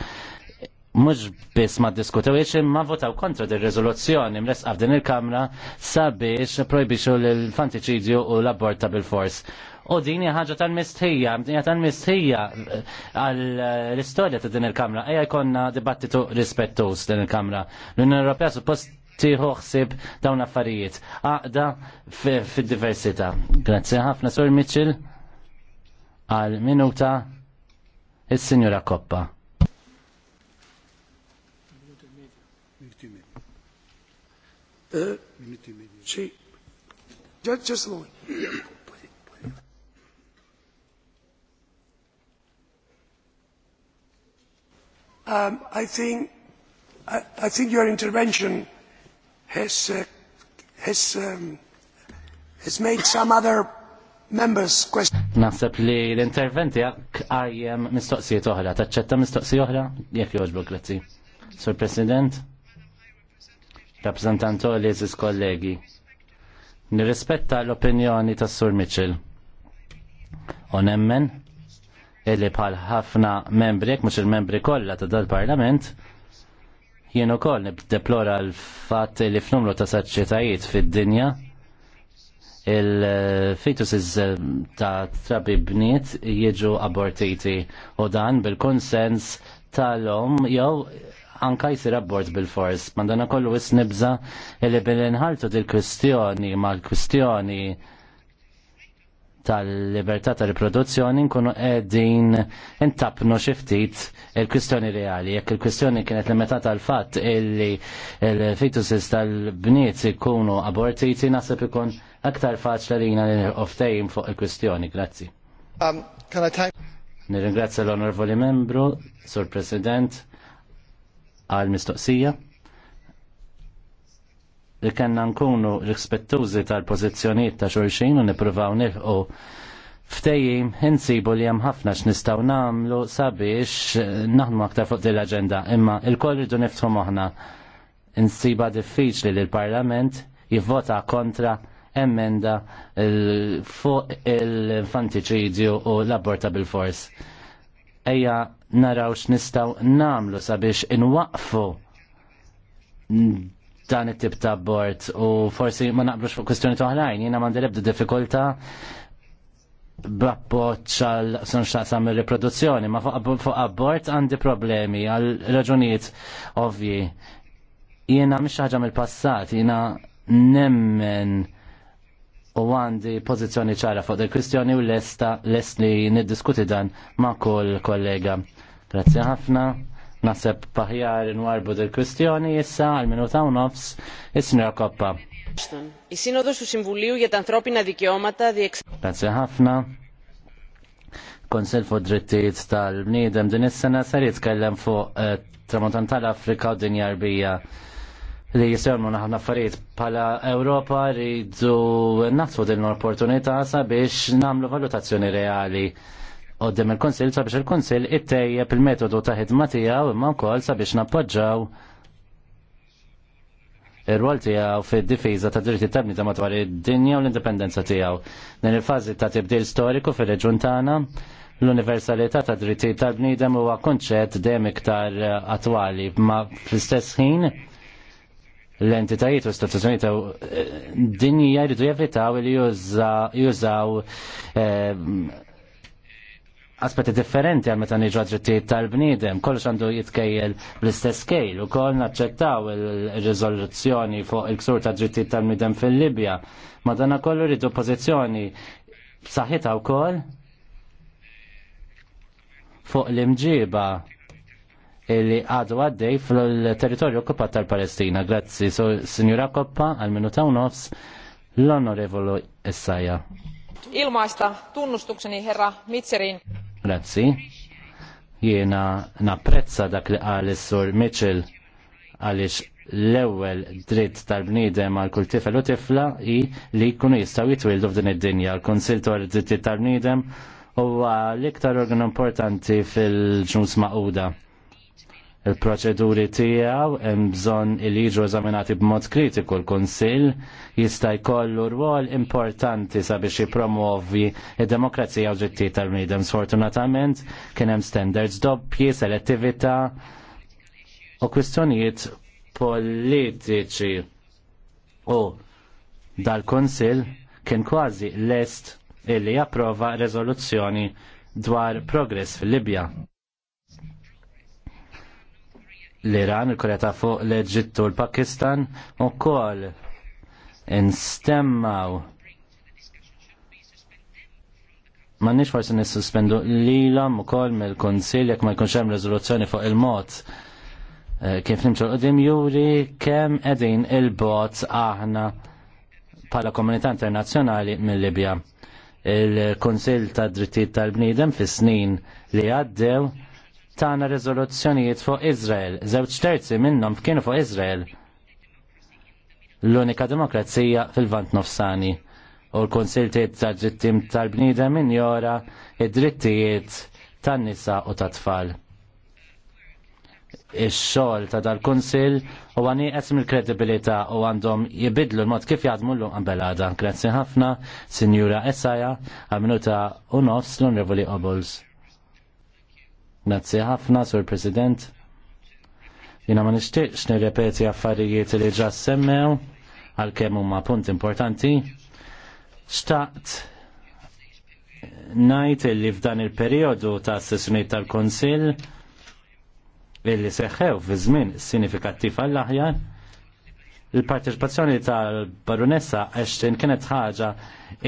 mux bis ma diskutaw imma ma votaw kontra di rezoluzzjoni mles din il-Kamra sabiex projbixu l-fanticidju u l-aborta bil-fors. U din ħaġa tal-mistħija, dinja tal-mistħija eh, għall-istoria ta' din il-Kamra. Eja jkonna dibattitu rispettus din il-Kamra. L-Unjoni Ewropea suppost tiħu ħsib dawn affarijiet. Aqda fid-diversità. Grazie ħafna, Sur Mitchell. Għal minuta, il signora Koppa. Uh, um, I think I, I think your intervention has uh, has um, has made some other members question. Naħseb li l-intervent jak għajjem mistoqsijiet oħra, taċċetta mistoqsijiet oħra, Jek joġbok, grazzi. Sur President, rappresentantu li eżis kollegi. Nirrispetta l-opinjoni tas Sur Mitchell. U nemmen illi bħal ħafna membri, mhux il-membri kollha ta' dal-Parlament, jien ukoll nibdeplora l-fatt li f'numru ta' saċċetajiet fid-dinja il-fetus ta' trabi bniet jiġu abortiti u dan bil-konsens tal-om jew anka jisir abbord bil-fors. Mandana kollu isnibza illi bil-inħaltu dil-kwistjoni mal-kwistjoni tal-libertà ta' riproduzzjoni nkunu qegħdin intapnu xi ftit il-kwistjoni reali. Jekk il-kwistjoni kienet meta tal fatt illi il-fetuses tal-bniet ikunu abortiti naħseb ikun aktar faċli lina li oftejn fuq il-kwistjoni. Grazzi. Um, Nirringrazzja l-onorvoli membru, Sur President, għal-mistoqsija li kena nkunu rispettużi tal-pozizjoniet ta' xurxin u nipruvaw nilħu ftejjim insibu li hemm ħafna x'nistgħu nagħmlu sabiex naħdmu aktar fuq din l-aġenda imma l-koll rridu niftħu moħħna insiba diffiċli li l-Parlament jivvota kontra emmenda fuq il infanticidju u l-aborta bil-fors eja naraw x'nistgħu namlu sabiex inwaqfu dan it-tip ta' abort u forsi ma naqblux fuq kwestjoni oħrajn, jiena m'għandi ebda diffikultà b'appoġġ għal sunxaqsam ir-riproduzzjoni, ma fuq abort għandi problemi għal raġunijiet ovvji. Jiena mhix ħaġa mill-passat, jiena nemmen u għandi pozizjoni ċara fuq il-kwistjoni u lesta lest li niddiskuti dan ma' kol kollega. Grazzi ħafna. Naseb paħjar n-warbu dil-kwistjoni issa għal-minuta u nofs is-sinjora Koppa. Is-sinodos su simvuliju jiet antropina dikjomata di dieks. Grazie ħafna. Konsil fuq drittijiet tal bnidem din is-sena ser jitkellem fuq eh, tramontan tal-Afrika u dinja rbija li jisermu naħna affarijiet pala Ewropa rridu natfu din l-opportunità sabiex namlu valutazzjoni reali qoddim il-Konsil sabiex il-Konsil ittejjeb il-metodu ta' ħidma tiegħu imma wkoll sabiex nappoġġaw ir-rwol tiegħu fid-difiża ta' dritti tabni ta' matwar id-dinja u l-indipendenza tiegħu. Din il-fażi ta' tibdil storiku fir-reġjun tagħna l-universalità ta' dritti tal-bniedem huwa konċett dem iktar attwali, ma fl-istess ħin l-entitajiet u istituzzjonijiet ta' eh, dinja jridu jevitaw li jużaw eh, aspetti differenti għal meta niġu drittijiet tal-bniedem, kollox għandu jitkejjel bl-istess kejl u koll naċċettaw il-rizoluzzjoni fuq il-ksur ta' drittijiet tal-bniedem fil-Libja. dana kollu rridu pozizjoni saħħitha wkoll fuq l-imġiba li għadu għaddej fil-territorju okkupat tal-Palestina. Grazzi, so, signora Koppa, għal-minuta u nofs, l-onorevolu Essaja. Ilmaista tunnustukseni herra Mitzerin. Grazzi. Jiena napprezza dak li għal sur Mitchell għalix l-ewwel dritt tal-bniedem għal kull tifel u tifla hi li jkunu jistgħu jitwildu f'din id-dinja. L-Kunsill dwar dritti tal-bniedem u l-iktar organ importanti fil-ġnus maquda il-proċeduri tiegħu hemm bżonn li jiġu eżaminati b'mod kritiku l-Kunsill jista' jkollu rwol importanti sabiex jippromovi id-demokrazija u ġittijiet tal-bniedem. Sfortunatament kien hemm standards doppji, selettività u kwistjonijiet politiċi. U dal-Kunsill kien kważi lest illi japprova rezoluzzjoni dwar progress fil-Libja l-Iran, il-Korea ta' fuq l-Eġittu, l-Pakistan u kol instemmaw ma nix forse nissuspendu l lam u kol mill konsil jek ma jkunx hemm rezoluzzjoni fuq il-mod eh, kif nimċu l-qdim juri kem edin il-bot aħna pala komunità internazzjonali mill-Libja. Il-Konsil ta' Drittijiet tal-Bniedem fis snin li għaddew tana rezoluzzjonijiet fuq Izrael. Żewġ terzi minnhom kienu fuq Izrael. L-unika demokrazija fil-vant nofsani. U l konsiltiet ta' ġittim tal-bnida minn jora id-drittijiet tan-nisa u tat-tfal. Ix-xogħol ta' dal-Kunsill u għani esm il-kredibilità u għandhom jibidlu l-mod kif jgħadmu l-lum għambelada. Grazzi ħafna, Sinjura Essaja, għamnuta u nofs l unrevoli Obols. Nazzi ħafna, Sur President. Jina ma nixtieqx nirrepeti affarijiet li ġa semmew għalkemm huma punt importanti. Xtaqt najt li f'dan il-perjodu ta' sessjoniet tal-Konsill illi seħħew fi żmien sinifikattiv għall-aħjar Il-parteċipazzjoni tal-baronessa Ashton kienet ħaġa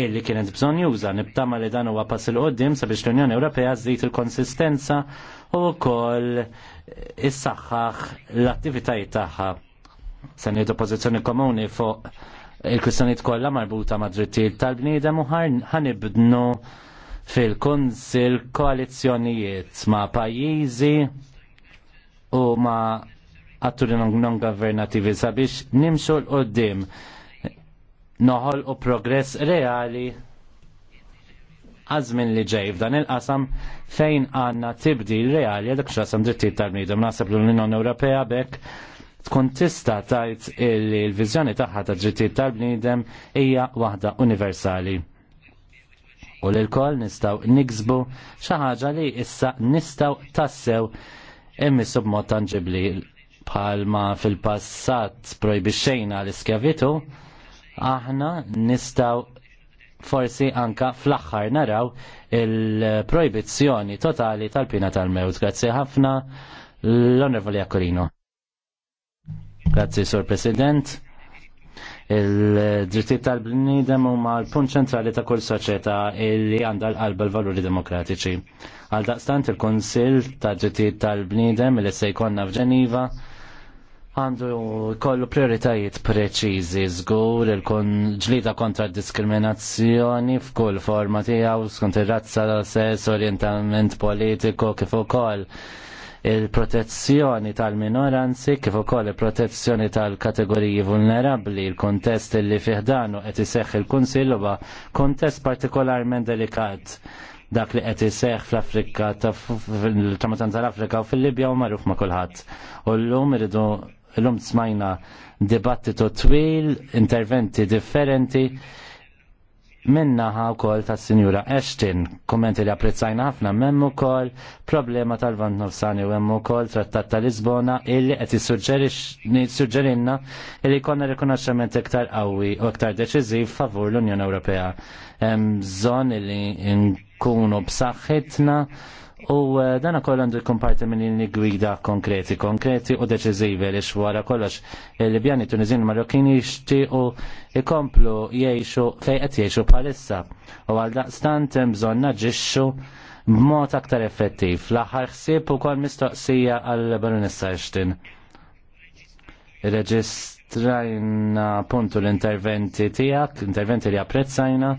illi kienet bżon juża nibtama li dan huwa pass il qoddim sabiex l-Unjoni Ewropea żdid il-konsistenza u wkoll issaħħaħ l-attivitajiet tagħha. Se nieħdu komuni fuq il-kwistjonijiet kollha marbuta ma' drittijiet tal-bniedem u ħanibdnu fil-kunsil koalizzjonijiet ma' pajjiżi u ma' għatturi non-governativi sabiex nimxu l-qoddim noħol u progress reali għazmin li ġej f'dan il-qasam fejn għanna tibdi reali għadak xasam drittijiet tal-bnidem. Nasab l-Unjoni Ewropea bekk tkun tista tajt il-vizjoni tagħha ta' drittijiet tal-bniedem hija waħda universali. U l-kol nistaw niksbu xi ħaġa li issa nistaw tassew immissu b'mod tangibli bħalma fil-passat projbixxejna l-iskjavitu, aħna nistaw forsi anka fl-axħar naraw il-projbizzjoni totali tal-pina tal-mewt. Grazzi ħafna l-Onorevoli Jakolino. Grazzi, Sur President. Il-drittijiet tal-bnidem huma l-punt ċentrali ta' kull soċjetà li għandha l-qalba l-valuri demokratiċi. Għal daqstant il-Kunsill ta' drittijiet tal-bnidem li se jkollna f'Ġeniva għandu kollu prioritajiet preċiżi żgur il kun ġlida kontra diskriminazzjoni f'kull forma tiegħu skont ir-razza, sess, orientament politiku kif ukoll il-protezzjoni tal-minoranzi kif ukoll il-protezzjoni tal-kategoriji vulnerabbli, il-kontest li fiħdanu qed iseħħ il-Kunsill huwa kontest partikolarment delikat dak li qed iseħħ fl-Afrika ta' tal-Afrika u fil-Libja u magħruf ma' kulħadd. U llum iridu l-lum smajna dibattitu twil, interventi differenti minnaħa u kol ta' Sinjura Ashton, kommenti li apprezzajna ħafna memmu kol, problema tal-vant nofsani u memmu kol, trattat tal-Lisbona, illi għet suġġerinna illi konna rikonaxxament iktar qawwi u iktar deċiżiv favur l-Unjoni Ewropea. Bżon illi nkunu b'saħħitna U eh, dana kollu għandu jkomparti minn gwida konkreti, konkreti u deċiżivi li xwara kollox il-Libjani, Tunizini, Marokkini jixtiequ ikomplu jgħixu fejn qed jgħixu bħalissa. U għal daqstant hemm bżonn naġixxu b'mod aktar effettiv. L-aħħar ħsieb ukoll mistoqsija għal Baronessa Eshtin. Reġistrajna puntu l-interventi tiegħek, interventi li apprezzajna,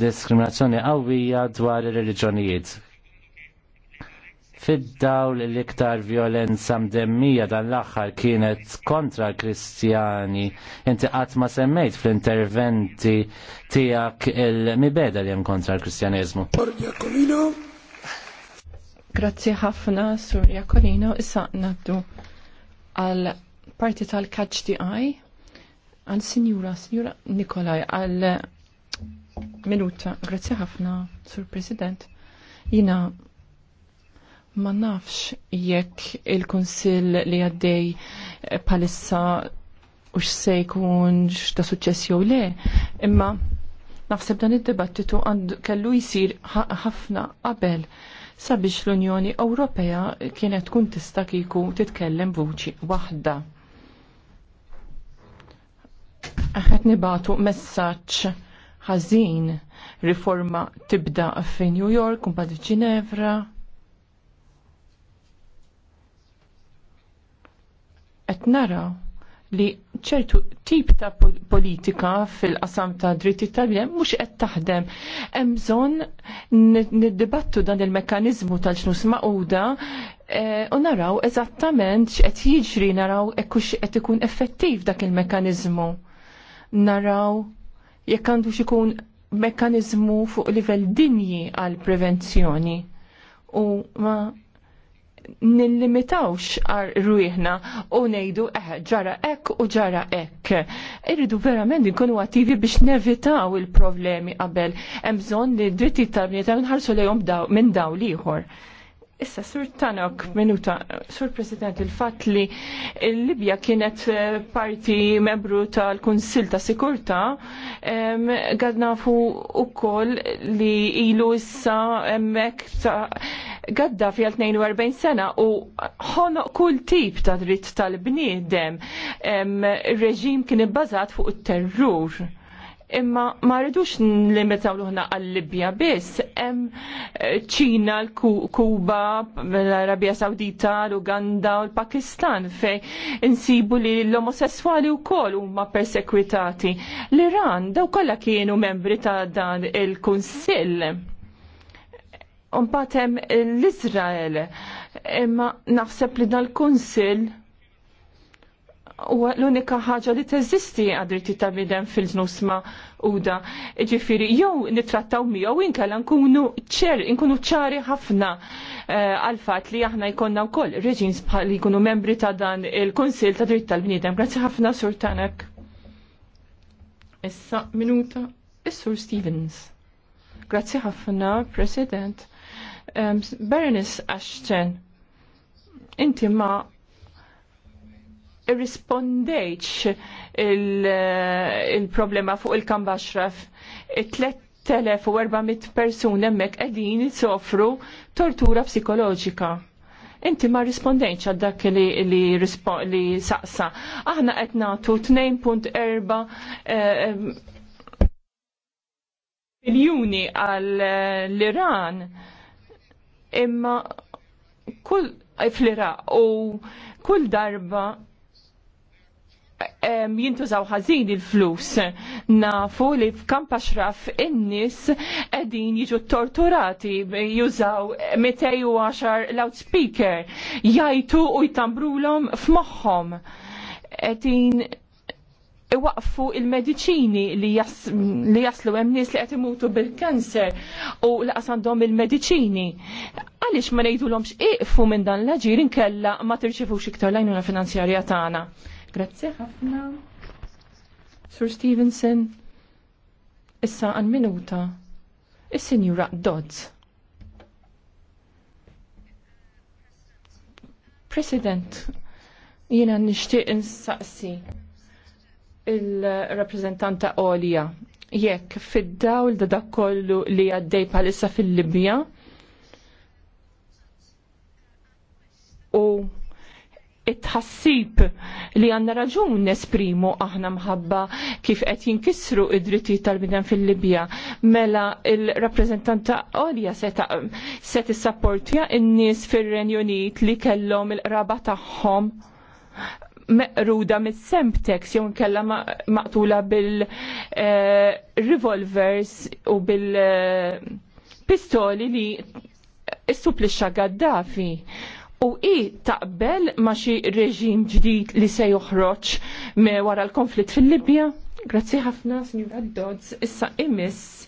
diskriminazzjoni qawwija dwar ir-reliġjonijiet Fid-dawl l-iktar violenza mdemmija dan l-axħar kienet kontra kristjani, inti qatt ma semmejt fl-interventi tiegħek il-mibeda li hemm kontra l kristjaneżmu Grazzi ħafna, Sur Jakolino, issa naddu għal parti tal-Catch the Eye, għal Sinjura, Sinjura Nikolaj, għal minuta. Grazzi ħafna, Sur President. Jina Ma nafx jekk il-Kunsill li għaddej eh, palissa u se jkun ta' suċċess jew le, imma naħseb dan id-dibattitu kellu jisir ħafna qabel sabiex l-Unjoni Ewropea kienet tkun tista' kieku titkellem vuċi waħda. Aħet nibatu messaċ ħażin riforma tibda fi New York, kumpad Ġinevra. Ginevra, qed nara li ċertu tip ta' politika fil-qasam ta' dritti tal-bnem mux qed taħdem. Hemm bżonn niddibattu dan il-mekkaniżmu tal ċnus ma'uda eh, u naraw eżattament x'qed jiġri naraw ekkux qed ikun effettiv dak il-mekkaniżmu. Naraw jekk għandux ikun mekkaniżmu fuq livell dinji għal prevenzjoni u ma nillimitawx għar rwieħna u nejdu eh, ġara ek u ġara ek. Irridu verament nkunu attivi biex nevitaw il-problemi qabel. Emżon li dritti tal-bnieta nħarsu lejhom minn daw liħor. Issa, Sur Tanok, minuta, Sur President, il-fat li l-Libja kienet eh, parti membru tal-Kunsil ta' Sikurta, għadna fu u koll li ilu issa emmek ta' Gaddafi fi 42 sena u ħonoq kull tip ta' dritt tal-bniedem reġim kien ibbażat fuq it-terrur. Imma ma rridux nlimitaw l-ħna għal-Libja biss, hemm ċina, l-Kuba, l-Arabija Sawdita, l-Uganda u l-Pakistan fej insibu li l-omosessuali u kol huma persekwitati. L-Iran daw kollha kienu membri ta' dan il-Kunsill patem l-Izrael, imma naħseb li dal-Kunsil huwa l-unika ħaġa li teżisti għadriti ta' bidem fil ma' uda. Ġifiri, jew nitrattaw miegħu inkella nkunu ċer, nkunu ċari ħafna eh, għal-fat li aħna jkonna wkoll reġins li jkunu membri ta' dan il-Kunsil ta' dritt tal-bniedem. Grazzi ħafna sur tanek. Issa minuta, is-Sur Stevens. Grazzi ħafna, President Baroness Ashton, inti ma irrispondejċ il-problema fuq il-kam baxraf. 3400 persuna emmek edin soffru tortura psikoloġika. Inti ma rispondejċ għad dak li, li, li saqsa. Aħna qed nagħtu 2.4 miljuni għall-Iran imma kull fl u kull darba jintużaw ħażin il-flus. Nafu li f'kampa xraf in-nies qegħdin jiġu torturati jużaw 210 loudspeaker jajtu u jtambrulhom f'moħħhom. Qegħdin iwaqfu il-mediċini li, jaslu hemm nies li qed imutu bil-kanser u laqas għandhom il-mediċini. Għaliex ma ngħidulhomx iqfu minn dan l-aġir inkella ma tirċevux iktar l-għajnuna finanzjarja tagħna. Grazzi ħafna. Sir Stevenson, issa għan minuta, is-Sinjura Dodds. President, jiena nixtieq insaqsi il-rappresentanta Olja. Jekk fid-dawl da kollu li għaddej palissa fil-Libja u it-ħassib li għanna raġun nesprimu aħna mħabba kif qed jinkisru id-dritti tal-bidem fil-Libja. Mela il-rappreżentanta Olja se tissapportja n-nies fir-Renju Unit li kellhom il-qraba tagħhom meqruda mis-semtex jew kella maqtula bil-revolvers eh, u bil-pistoli eh, li issuplixxa Gaddafi. U i taqbel ma xi reġim ġdid li se joħroġ me wara l-konflitt fil-Libja? Grazzi ħafna, Sinjur Dodds, issa imiss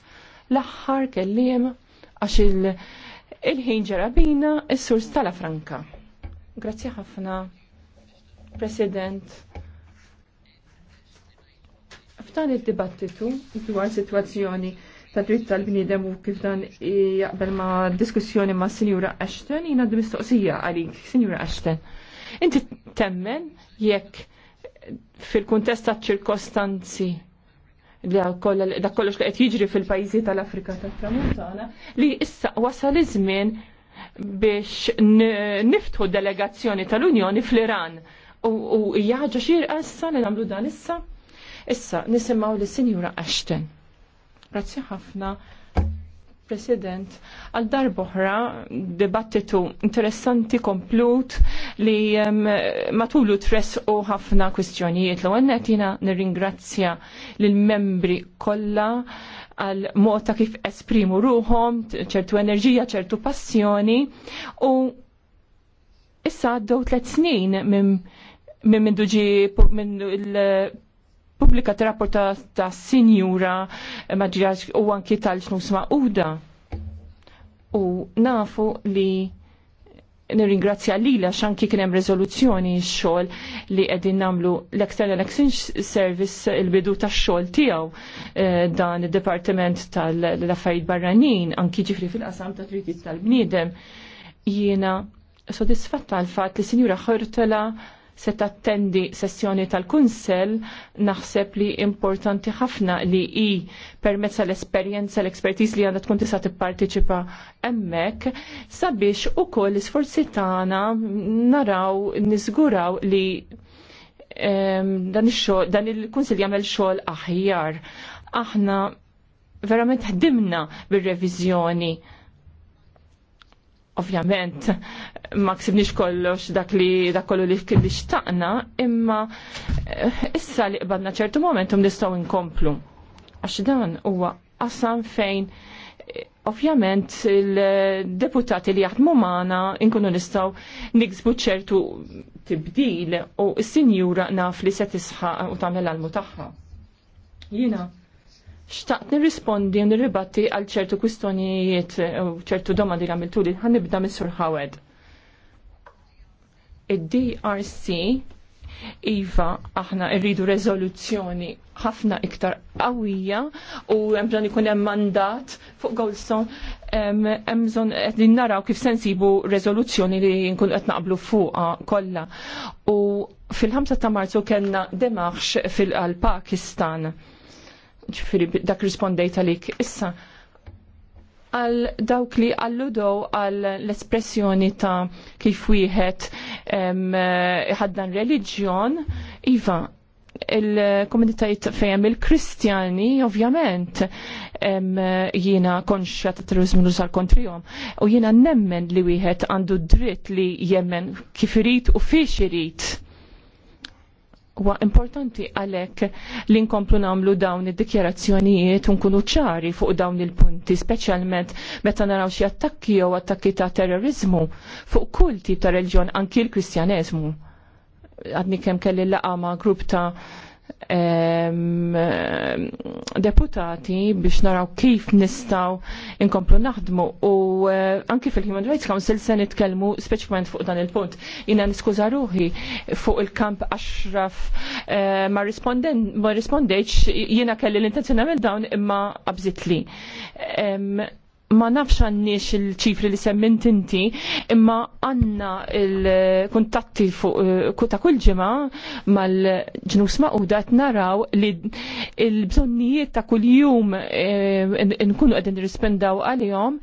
l-aħħar kelliem għax il-ħin ġarabina is-sur Stala Franka. Grazzi ħafna. President. F'dan id-dibattitu dwar situazzjoni ta' dritt tal-bniedem u kif dan jaqbel ma' diskussjoni ma' Sinjura Ashton, jina d-mistoqsija għalik, Sinjura Ashton. Inti temmen jekk fil-kuntest ta' ċirkostanzi li da kollox li qed jiġri fil-pajjiżi tal-Afrika tat-Tramuntana li issa wasal iż-żmien biex niftħu delegazzjoni tal-Unjoni fl-Iran u jgħagġa xir issa li namlu dan issa. Issa nisimaw li Sinjura Ashton. Grazzi ħafna, President, għal darboħra dibattitu interessanti komplut li matulu tress u ħafna kwistjonijiet. L għennetina nir nirringrazzja l-membri kolla għal mota kif esprimu ruħom, ċertu enerġija, ċertu passjoni u issa għaddew tlet snin minn minn mindu ġi minn il-pubblika rapporta ta' sinjura eh, maġġiraġ u anki tal sma ma'uda. U nafu li nirringrazzja li la xanki kienem rezoluzzjoni xol li għedin namlu l-External Exchange Service il-bidu ta' xol tijaw eh, dan il-Departiment tal-Affarijiet Barranin, anki ġifri fil-qasam ta' trittijiet tal-bniedem, jiena sodisfatta l-fat li Sinjura Ħortela se tattendi sessjoni tal-Kunsel, naħseb li importanti ħafna li i permezz l-esperjenza, l ekspertiz li għandha tkun tista' tipparteċipa hemmhekk sabiex ukoll l-isforzi tagħna naraw niżguraw li ehm, dan dan il-Kunsil jagħmel xogħol aħjar. Aħna verament ħdimna bil reviżjoni Ovvjament, ma ksibniex kollox dak li dak kollu li kien xtaqna, imma eh, issa li qbadna ċertu momentum nistgħu nkomplu. Għax dan huwa qasam fejn eh, ovvjament il-deputati li jaħdmu magħna inkunu nistgħu niksbu ċertu tibdil u s-sinjura naf li se tisħaq u tagħmel għalmu tagħha. Jiena Xtaqt nirrispondi u nirribatti għal ċertu kwistjonijiet u ċertu doma li għamiltu li ħanibda mis-Sur Hawed. Id-DRC Iva, aħna rridu rezoluzzjoni ħafna iktar qawwija u hemm bżonn ikun hemm mandat fuq Goldstone hemm bżonn qed naraw kif se nsibu rezoluzzjoni li nkun qed naqblu fuqha kollha. U fil-5 ta' Marzu kellna demaħx fil-Pakistan ġifiri dak rispondejt għalik. Issa, għal dawk li alludow għal l-espressjoni ta' kif wieħed ħaddan reliġjon, iva, il-komunitajiet fejem il-kristjani, ovvjament, jiena konxja ta' terrorizmu l sal kontrijom. U jiena nemmen li wieħed għandu dritt li jemmen kif irid u fiex irrit. Huwa importanti għalhekk li nkomplu nagħmlu dawn id-dikjarazzjonijiet u nkunu ċari fuq dawn il-punti, speċjalment meta naraw xi attakki jew attakki ta' terrorizmu fuq kull tip ta' reġjon anki l-Kristjaneżmu. Għadni kemm kelli laqa ma' grupp ta' deputati biex naraw kif nistaw inkomplu naħdmu u eh, anki fil-Human Rights Council se nitkellmu speċjalment fuq dan il-punt. Jina niskuża ruħi fuq il-kamp Ashraf eh, ma rispondejx jiena kelli l-intenzjonament dawn imma qabżitli ma nafx għannix il-ċifri li semmint inti, imma għanna il-kontatti fuq eh, ta' kull ġima mal-ġnus maquda naraw li il-bżonnijiet ta' kull jum eh, nkunu għedin rispendaw għal-jom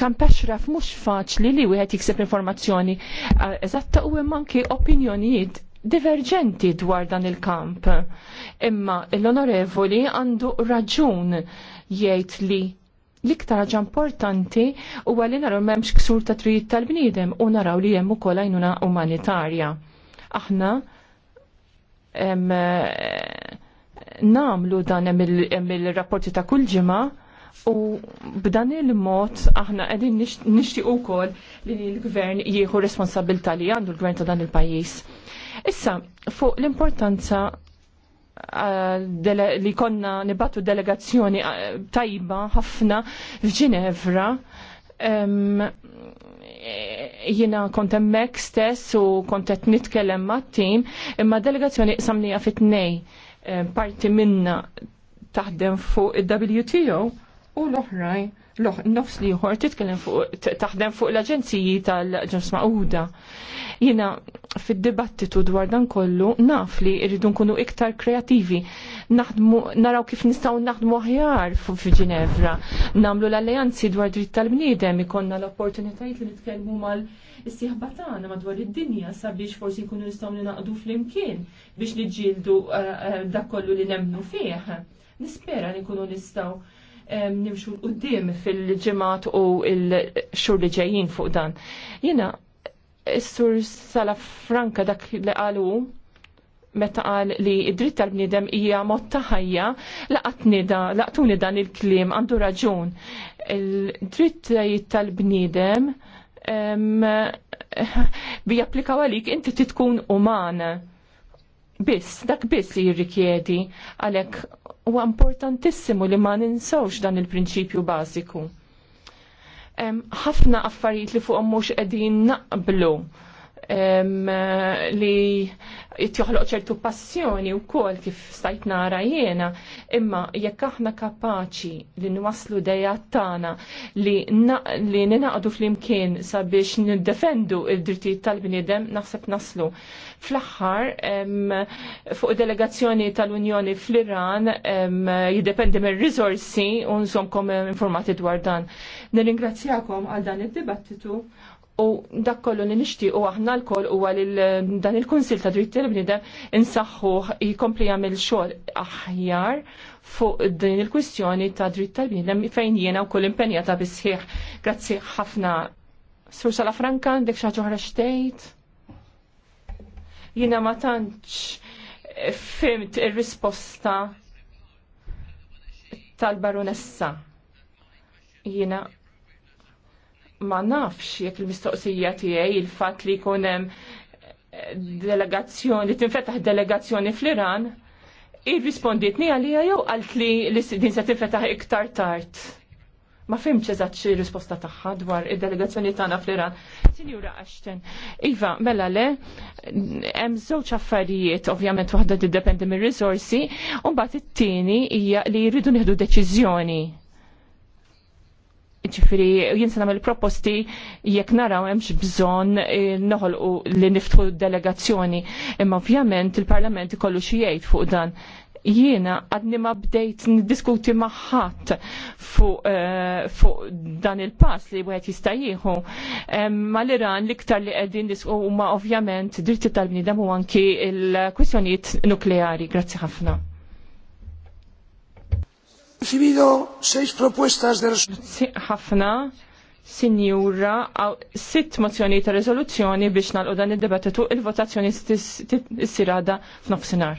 kan paxraf mux faċli li wieħed jikseb informazzjoni eh, eżatta u manki opinjonijiet diverġenti dwar dan il-kamp. Imma l-onorevoli għandu raġun jgħid li l-iktar ħaġa importanti huwa li naraw m'hemmx ksur ta' trijiet tal-bniedem u naraw li hemm ukoll għajnuna umanitarja. Aħna namlu dan hemm il-rapporti ta' kull ġimgħa u b'dan il-mod aħna qegħdin nixtieq ukoll li l-gvern jieħu responsabilità li għandu l-gvern ta' dan il-pajjiż. Issa, fuq l-importanza li konna nibattu delegazzjoni eh, tajba ħafna f'Ġinevra. jiena eh, jina kont emmek stess u kont qed nitkellem mat tim, imma delegazzjoni samnija fit-nej eh, parti minna taħdem fuq il-WTO u l-oħrajn nofs li ieħor titkellem fuq taħdem fuq l-aġenziji tal-ġuns ma'uda. Jina fid-dibattitu dwar dan kollu naf li rridu nkunu iktar kreativi. Naħdmu, naraw kif nistgħu naħdmu aħjar fi Ġinevra. Namlu l-alleanzi dwar dritt tal-bniedem ikonna l-opportunitajiet li nitkellmu mal is-sieħba tagħna madwar id-dinja sabiex forsi nkunu nistgħu fl flimkien biex niġġieldu eh, eh, dak kollu li nemnu fih. Nispera li nkunu nistgħu nimxu l qoddim fil-ġimgħat u l-xhur li ġejjin fuq dan. Jiena Is-sur Sala Franka dak li qalu meta qal li id-dritt tal-bniedem hija mod ta' ħajja laqatni laqtuni dan il-kliem għandu raġun. Il-dritt tal-bniedem bi japplikaw għalik inti titkun uman. Biss, dak biss li jirrikjedi għalhekk huwa importantissimu li ma ninsawx dan il-prinċipju bażiku ħafna affarijiet li fuqhom mhux qegħdin naqblu li jitjoħloq ċertu passjoni u kol kif stajt nara jena, imma jekk aħna kapaċi li nwaslu dejja tagħna li, li ninaqdu fl-imkien sabiex niddefendu id-drittijiet tal-bniedem naħseb naslu. Fl-aħħar fuq delegazzjoni tal-Unjoni fl-Iran jiddependi mir risorsi u nżomkom informati dwar dan. Nirringrazzjakom għal dan id-dibattitu U dak kollu li nixtieq u aħna l-koll huwa li dan il konsil ta' Dritt tal-Bniedem insaħħuh jkompli jagħmel xogħol aħjar fuq din il-kwistjoni ta' dritt tal-bniedem fejn jiena wkoll impenjata bisħiħ. Grazzi ħafna. Sur Sala Franka, dek xi ħaġa xtejt? Jiena ma tantx fimt ir-risposta tal-baronessa. Jiena ma nafx jekk il-mistoqsija tiegħi il-fatt li jkun hemm eh, delegazzjoni, tinfetaħ delegazzjoni fl-Iran, irrisponditni għalija jew qalt li din se tinfetaħ iktar tard. Ma fimx eżatt xi risposta tagħha dwar id-delegazzjoni tagħna fl-Iran. Sinjura Ashton, Iva, mela le, hemm żewġ affarijiet ovvjament waħda tiddependi mir-risorsi, u mbagħad it-tieni hija li jridu nieħdu deċiżjoni ġifiri, jinsa sanam proposti jekk naraw hemmx bżonn eh, noħolqu li niftħu delegazzjoni. Imma ovvjament il-Parlament ikollu xi jgħid fuq dan. Jiena għadni ma bdejt niddiskuti maħħat fuq eh, fu dan il-pass li wieħed jista' jieħu. Ma l-Iran l-iktar li qegħdin disku huma ovvjament dritti tal-bniedem u anki l-kwistjonijiet nukleari. Grazzi ħafna seis propuestas de ħafna, sinjura, sitt mozzjoni ta' rezoluzzjoni biex nal dan id-debattitu il-votazzjoni s-sirada f'nofsinhar.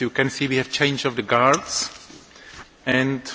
you can see we have change of the guards and